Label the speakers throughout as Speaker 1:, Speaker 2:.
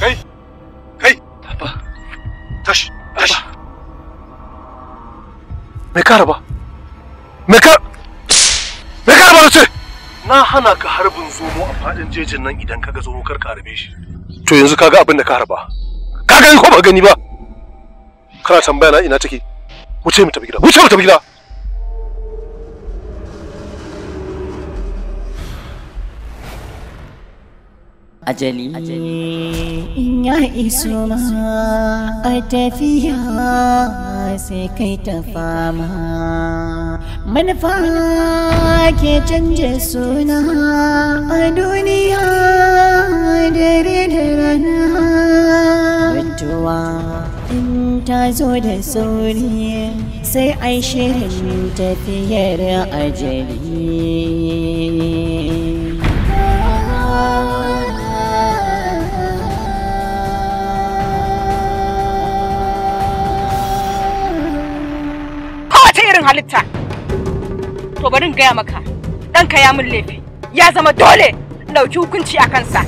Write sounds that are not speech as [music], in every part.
Speaker 1: Kai! Kai! Baba! Tashi! Tashi! Me ka raba? Me ka... Me ka raba ce? Na hana ka harbin zomo a faɗin jejin nan idan kaga zomo kar ka harbe shi. To yanzu kaga abin da ka harba. Ka gani ko ba gani ba? Kana tambaya na ina take? Wuce mu tafi gida. Wuce mu tafi gida.
Speaker 2: ajali in ya iso ma a tafiya sai kai ta fama manufa ke canje suna a duniya dare da rana mutuwa in ta zo da sauri sai ai shirin tafiyar ajali
Speaker 3: halitta to bari gaya maka ɗanka ya min laifi ya zama dole ɗauki hukunci a kansa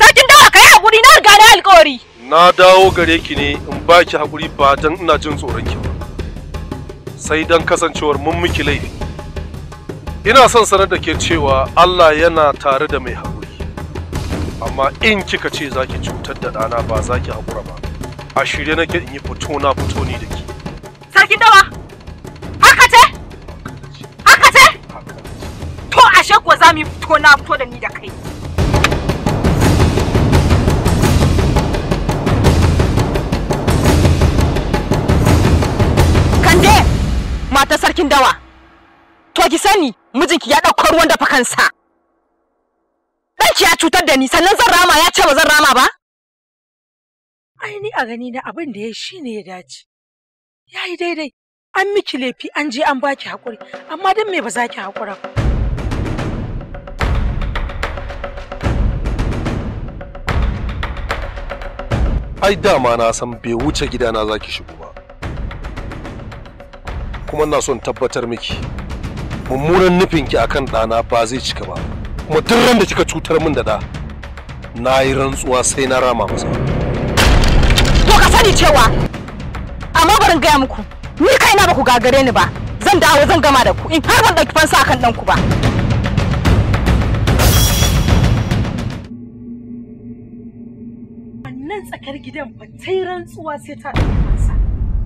Speaker 3: sarkin dawa ka yi haƙuri na riga na alƙawari
Speaker 1: na dawo gare ki ne in ba ki haƙuri ba don ina jin tsoron ki sai don kasancewar mun miki laifi ina son sanar da ke cewa Allah yana tare da mai haƙuri amma in kika ce za ki cutar da ɗana ba za ki haƙura ba a shirye nake in yi fito na fito ni da ke
Speaker 3: sarkin dawa kuwa za fito na fito da ni da kai kande mata sarkin dawa to ki sani mijinki ya ɗauko ruwan da fakansa ɗanki ya cutar da ni sannan zan rama ya ce ba zan rama ba ai ni a gani na abin da ya shi ne ya dace ya yi daidai an miki laifi an je an baki haƙuri amma don me ba za ki haƙura ba
Speaker 1: ai dama na san bai wuce gidana za ki shigo ba kuma na son tabbatar miki mummunan nufinki akan ɗana ba zai cika ba kuma duk ran da kika cutar min da ɗa na yi rantsuwa sai na rama masa
Speaker 3: to ka sani cewa amma barin gaya muku ni kaina ba ku gagare ni ba zan dawo zan gama da ku in har ban ɗauki fansa akan ɗanku ba tsakar gidan ba ta rantsuwa sai ta ɗauki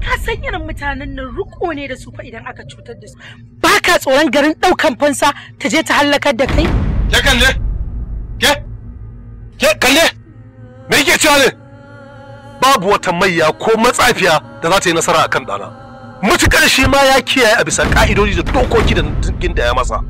Speaker 3: ka san irin mutanen nan riko ne da su fa idan aka cutar da su ba ka tsoron garin ɗaukan fansa ta je ta hallakar da kai
Speaker 1: ke kalle ke ke kalle me yake cewa ne babu wata mayya ko matsafiya da za ta yi nasara akan ɗana mutukar shi ma ya kiyaye a bisa ka'idoji da dokoki da
Speaker 4: gindaya masa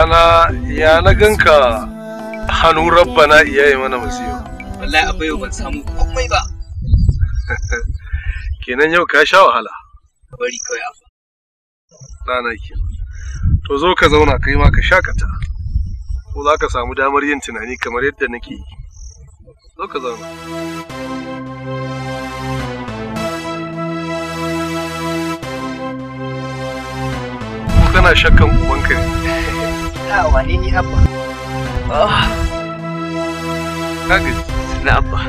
Speaker 1: rana ya na ganka hannu rabbana iyaye mana musiba wallahi ya yau ban
Speaker 5: samu komai ba
Speaker 1: [laughs] kenan yau ka sha wahala
Speaker 5: bari kawai abu
Speaker 1: rana ke to zo ka zauna kai ma ka shakata ko za ka samu damar yin tunani kamar yadda nake yi
Speaker 2: zo ka zauna
Speaker 4: kana shakkan ubanka
Speaker 1: ne
Speaker 3: a wane ni abba
Speaker 4: kaga na
Speaker 5: abba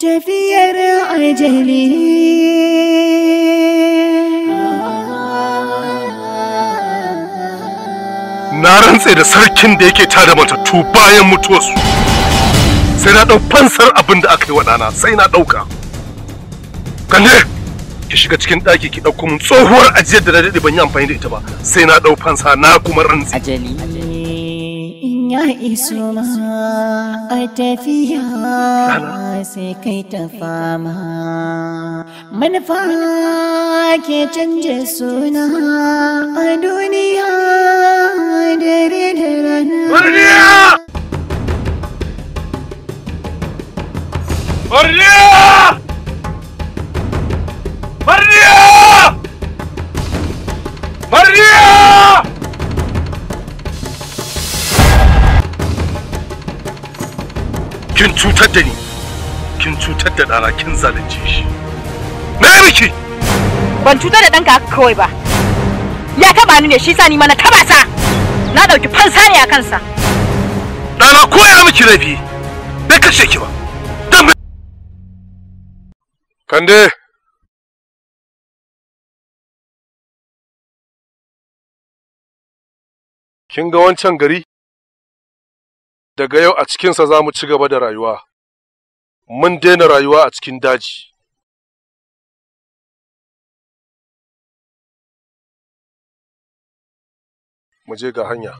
Speaker 2: tafiyar ajali na
Speaker 1: rantse da sarkin da yake tada matattu bayan mutuwarsu sai na ɗau fansar abin da aka yi wa sai na ɗauka kande ki shiga cikin ɗaki ki ɗauko min tsohuwar ajiyar da na daɗe ban yi amfani da ita ba sai na ɗau fansa na kuma rantsi ajali
Speaker 2: ya iso ma a tafiya sai kai ta fama manufa ke canje suna a duniya dare da rana Maria! Maria!
Speaker 1: Maria! Kin cutar da ni. Kin cutar da ɗana kin zalunce shi. Me miki!
Speaker 3: Ban cutar da ɗanka haka kawai ba. Ya taɓa ni ne shi sa ni mana taɓa sa. Na ɗauki fansa ne a kansa.
Speaker 1: Ɗana koya miki laifi, bai kashe ki ba. Kande! Kin ga wancan gari? Daga yau a cikinsa za mu ci gaba da rayuwa, mun daina rayuwa a cikin daji. Mu je ga hanya.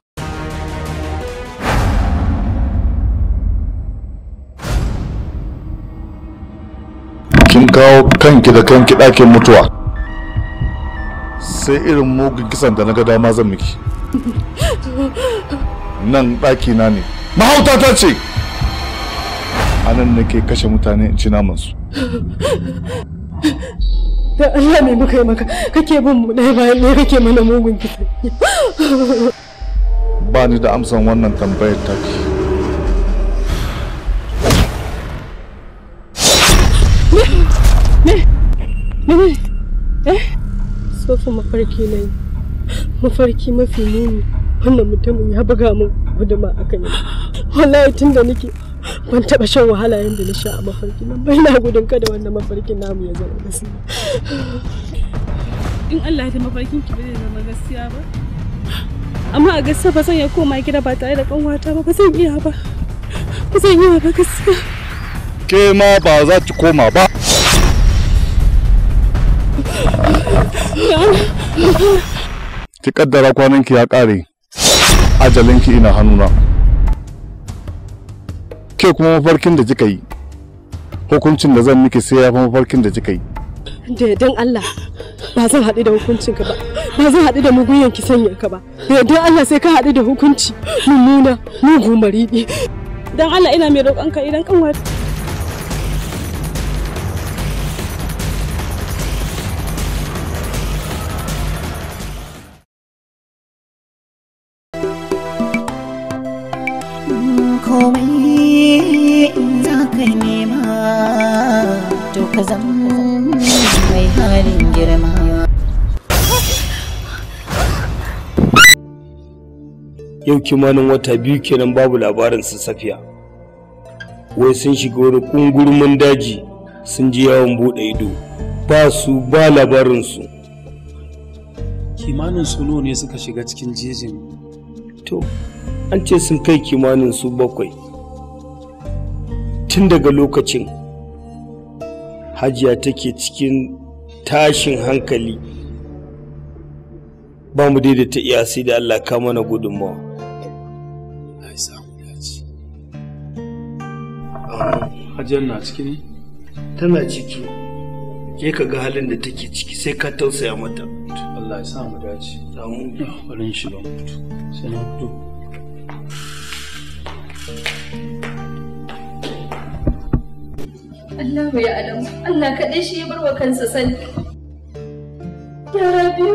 Speaker 4: kawo kanki da kanki ɗakin mutuwa sai irin mugun kisan da na ga dama zan miki nan ɗakina na ne mahautata ce a nan nake kashe mutane in ci namansu
Speaker 3: da Allah ne muka yi maka kake bin mu ɗaya bayan ɗaya kake mana mugun kisan
Speaker 4: ba ni da amsan wannan tambayar taki
Speaker 3: sofin mafarki na yi mafarki mafi muni wannan mutumin ya buga min guduma a kan wallahi tun da nake ban taɓa shan wahala yadda na sha a mafarki nan bai na gudun kada wannan mafarkin namu ya zama gaskiya
Speaker 5: in Allah ya mafarkin ki bai zama gaskiya ba
Speaker 3: amma a gaskiya ba zan
Speaker 5: iya koma gida ba tare da kanwata ba ba zan iya ba ba zan iya ba gaskiya
Speaker 4: ke ma ba za ki koma ba kaddara kwananki ya kare ajalinki ina hannuna ke kuma mafarkin da kika yi hukuncin da zan miki sai ya fi mafarkin da kika yi
Speaker 3: da yardan Allah ba zan haɗu da hukuncin ka ba ba zan haɗu da mugun ki sanya ka ba da yardan Allah sai ka haɗu da
Speaker 5: hukunci mummuna mugu mariɗi dan Allah ina mai roƙonka idan kan wata
Speaker 4: yau kimanin wata biyu kenan babu labarin su safiya wai sun shiga wani kungurmin daji sun ji yawon bude ido ba su ba labarin su.
Speaker 1: kimanin su ne suka shiga cikin jejin
Speaker 4: to an ce sun kai kimanin su bakwai tun daga lokacin hajiya take cikin tashin hankali ba mu daidaita iya sai da Allah ka mana gudunmawa hajiyar na ciki ne? tana ciki Ke ka ga halin da take ciki sai ka tausaya mata Allah ya sa mu dace. Amin. da shi ba mutu. Sai na mutu.
Speaker 3: Allah ya alamu. Allah kaɗai shi ya bar wa kansa sani yara biyu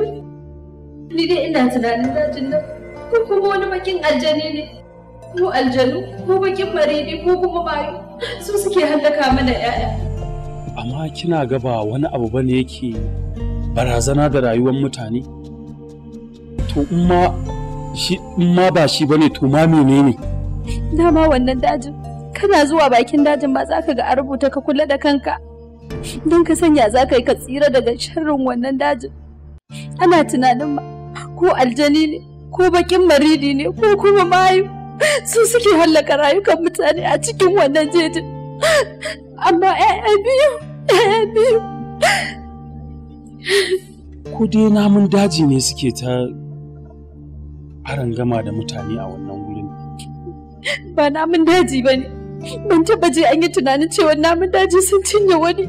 Speaker 3: ni dai ina tunanin dajin nan ko kuma wani bakin aljani ne ko aljanu ko bakin maridi ko kuma mayu su suke hallaka mana 'ya'ya
Speaker 1: amma kina gaba wani abu bane yake barazana da rayuwar mutane to in ma ba shi bane to ma menene
Speaker 3: dama wannan dajin kana zuwa bakin dajin ba za ka ga a rubuta ka kula da kanka don ka sanya za ka yi ka tsira daga sharrin wannan dajin ana tunanin ma ko aljani ne ko bakin maridi ne ko kuma mayu su suke hallaka rayukan mutane a cikin wannan jejin amma ya'ya biyu ya'ya biyu
Speaker 1: ko dai namun daji ne suke ta arangama da mutane a wannan wurin
Speaker 3: ba namun daji ba ne ban taba je an yi tunanin cewa namun daji sun cinye wani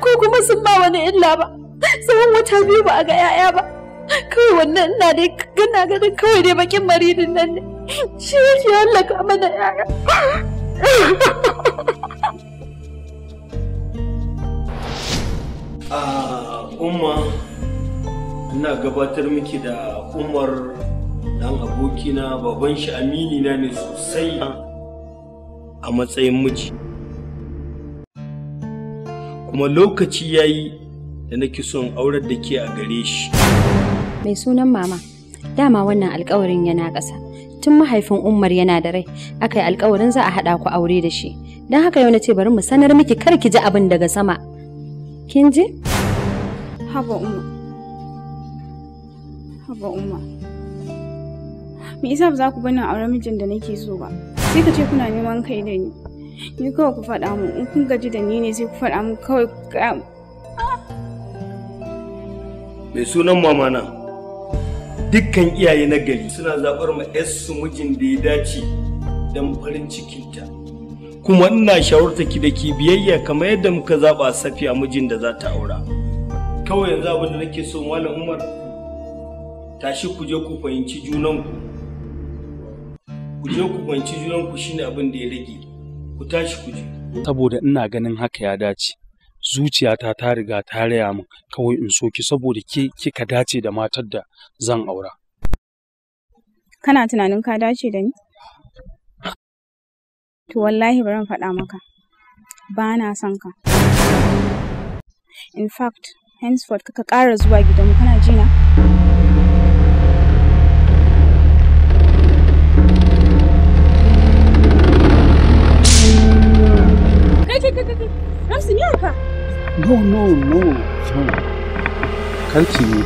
Speaker 3: ko kuma sun ba wani illa ba tsawon wata biyu ba a ga 'ya'ya ba kawai wannan ina dai gana ganin kawai dai bakin maridin nan ne shi yake hallaka mana 'ya'ya
Speaker 4: a ah, umma ina gabatar miki da umar dan abokina baban shi amini na ne sosai a matsayin miji kuma lokaci ya yi da nake son aurar da ke a gare shi
Speaker 3: mai sunan mama dama wannan alkawarin yana ƙasa tun mahaifin umar yana da rai aka yi alkawarin za a haɗa ku aure da shi don haka yau na ce bari mu sanar miki kar ki ji abin daga sama kin ji haba Umar,
Speaker 5: haba umar me isa ba za ku bani auren mijin da nake so ba sai ka ce kuna neman kai da ni ni kawai ku faɗa mu in kun gaji da ni ne sai ku faɗa mu kawai
Speaker 4: mai sunan mamana dukkan iyaye na gari suna zaɓar ma su mijin da ya dace don farin cikinta kuma ina shawarta ki da ki biyayya kamar yadda muka zaɓa safiya mijin da za ta aura kawai yanzu abin da nake so malam umar tashi ku je ku fahimci junanku ku je ku banci junanku shine abin da ya rage ku tashi ku je
Speaker 1: saboda ina ganin haka ya dace zuciyata ta riga ta raya min kawai in soki saboda ke kika dace da matar da zan aura
Speaker 5: kana tunanin ka dace da ni to wallahi bari faɗa maka ba na son ka in fact henceforth kaka ƙara zuwa
Speaker 2: gidanmu kana jina
Speaker 1: no no no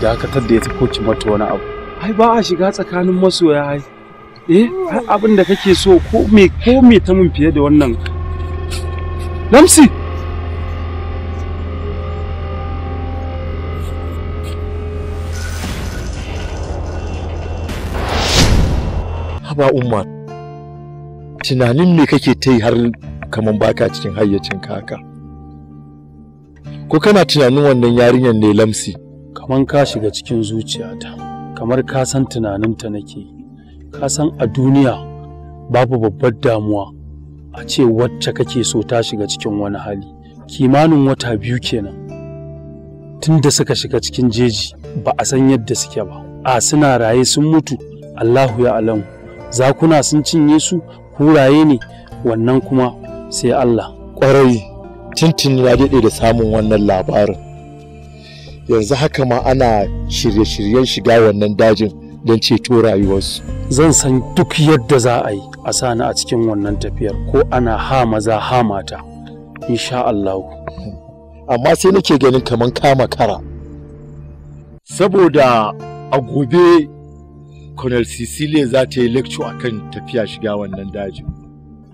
Speaker 1: dakatar da ya ta koci mata wani abu ai ba a shiga tsakanin masoya ai eh abin da kake so ko me ko me ta mun fiye da wannan
Speaker 2: lamsi
Speaker 4: haba umma tunanin me kake ta yi har kamar baka cikin hayyacin kaka? ko kana tunanin wannan yarinyar ne lamsi kamar
Speaker 1: ka shiga cikin zuciyata kamar ka san tunaninta nake ka san a duniya babu babbar damuwa a ce wacce kake so ta shiga cikin wani hali kimanin wata biyu kenan tun da suka shiga cikin jeji ba a san yadda suke ba a suna raye sun mutu allahu ya alamu zakuna sun cinye su raye ne wannan kuma sai allah ƙwarai
Speaker 4: tintin ya daɗe da samun wannan labarin yanzu haka ma ana shirye-shiryen shiga wannan dajin don ceto rayuwarsu zan san duk
Speaker 1: yadda za a yi a sani a cikin wannan tafiyar ko ana ha maza ha mata
Speaker 4: insha Allah amma sai nake ganin kamar kama kara saboda a gobe Colonel Cecilia za ta yi lecture akan tafiya shiga wannan dajin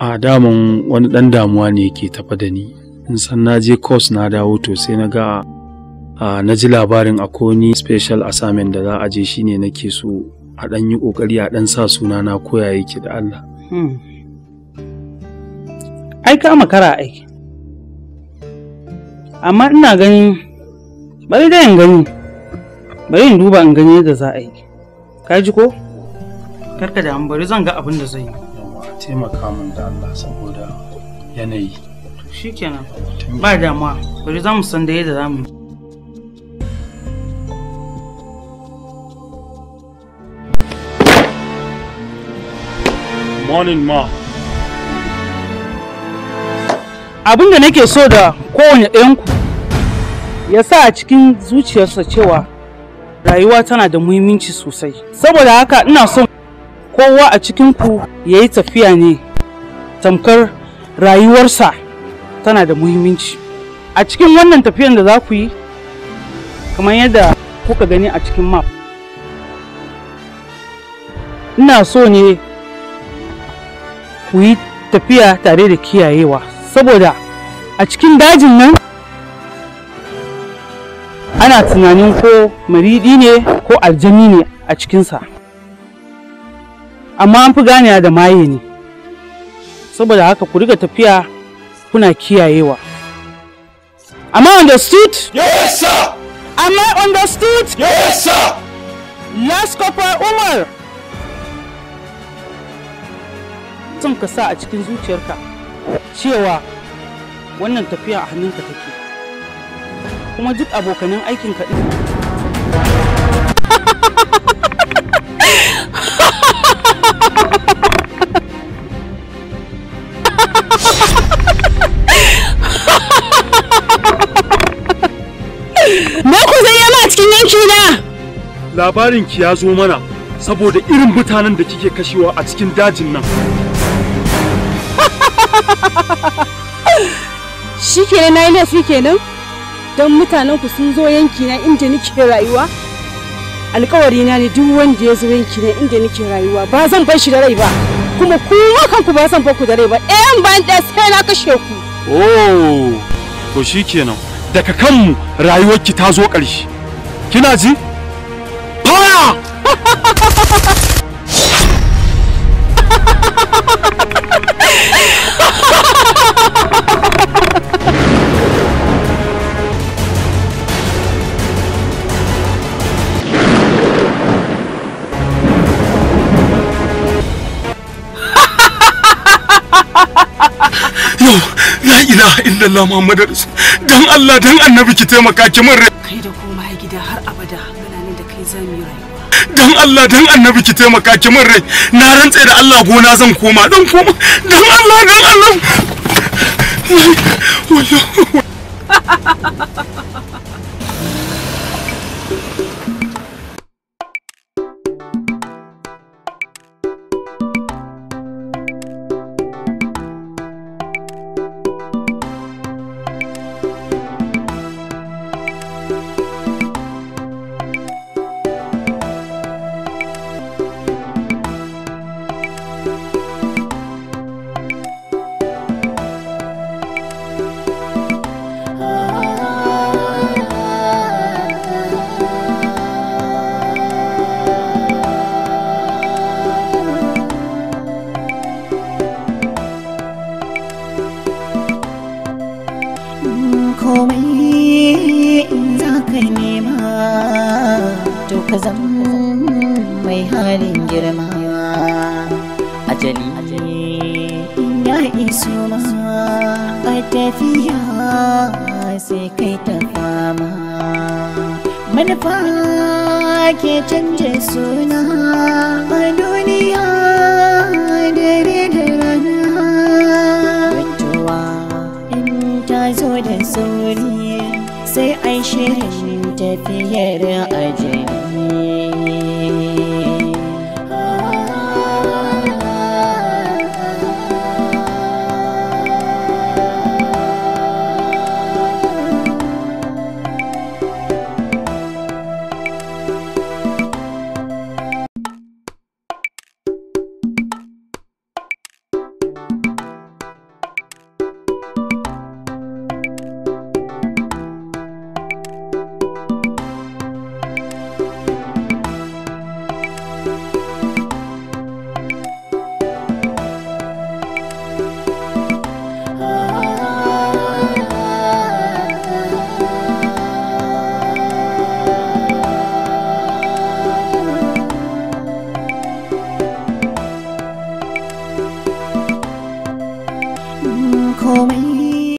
Speaker 1: a daman wani ɗan damuwa ne ke tafa da ni in san na je course na dawo to sai na ga na ji labarin wani special assignment da za a je shine nake so a dan yi ƙoƙari a dan sa suna na koya yake da Allah.
Speaker 5: Hmm. Ai ka makara aiki. Amma ina ganin bari da in gani bari in duba in gani yadda za a yi. Ka ji ko? Karka da bari zan ga abin da zai yi. Taimaka min da Allah saboda yanayi. shikenan ba damuwa bari za mu san da yadda za mu
Speaker 1: morning ma abin da
Speaker 5: nake so da kowane ɗayanku ya sa a cikin zuciyarsa cewa rayuwa tana da muhimmanci sosai saboda haka ina son kowa a cikinku ya yi tafiya ne tamkar rayuwarsa tana da muhimmanci a cikin wannan tafiyan da za ku yi kamar yadda kuka gani a cikin map ina so ne ku yi tafiya tare da kiyayewa saboda a cikin dajin nan ana tunanin ko maridi ne ko aljami ne a cikinsa amma an fi ganewa da maye ne saboda haka ku riga tafiya kuna kiyayewa am I understood yes sir
Speaker 3: am I understood
Speaker 5: yes sir last corporal Umar Tun ka sa a cikin zuciyarka cewa wannan tafiya a hannunka take kuma duk abokanan aikinka ɗin
Speaker 2: [laughs]
Speaker 1: labarin ki ya zo mana saboda irin mutanen da kike kashewa a cikin dajin nan
Speaker 5: [laughs] shi kenan na yi ke kenan don mutanen ku sun zo yanki na inda nike rayuwa
Speaker 3: alkawari na ne duk wanda ya zo yanki na inda nike rayuwa ba zan bar shi da rai ba kuma ku kanku ba zan bar ku da rai ba ɗayan bayan ɗaya sai na kashe ku
Speaker 1: oh to nan. daga kanmu rayuwarki ta zo ƙarshe kina ji no la ilaha illallah muhammadu rasul dan allah dan annabi ki taimaka ki min rai
Speaker 5: kai da koma gida har abada ganin da kai za
Speaker 1: dan allah dan annabi ki taimaka ki min rai na rantse da allah gona zan koma dan koma dan allah dan allah Oh,
Speaker 3: [laughs]
Speaker 2: manufa ke canje suna a duniya dare da rana mutuwa in ta zo da sauri sai an shirin tafiyar ajali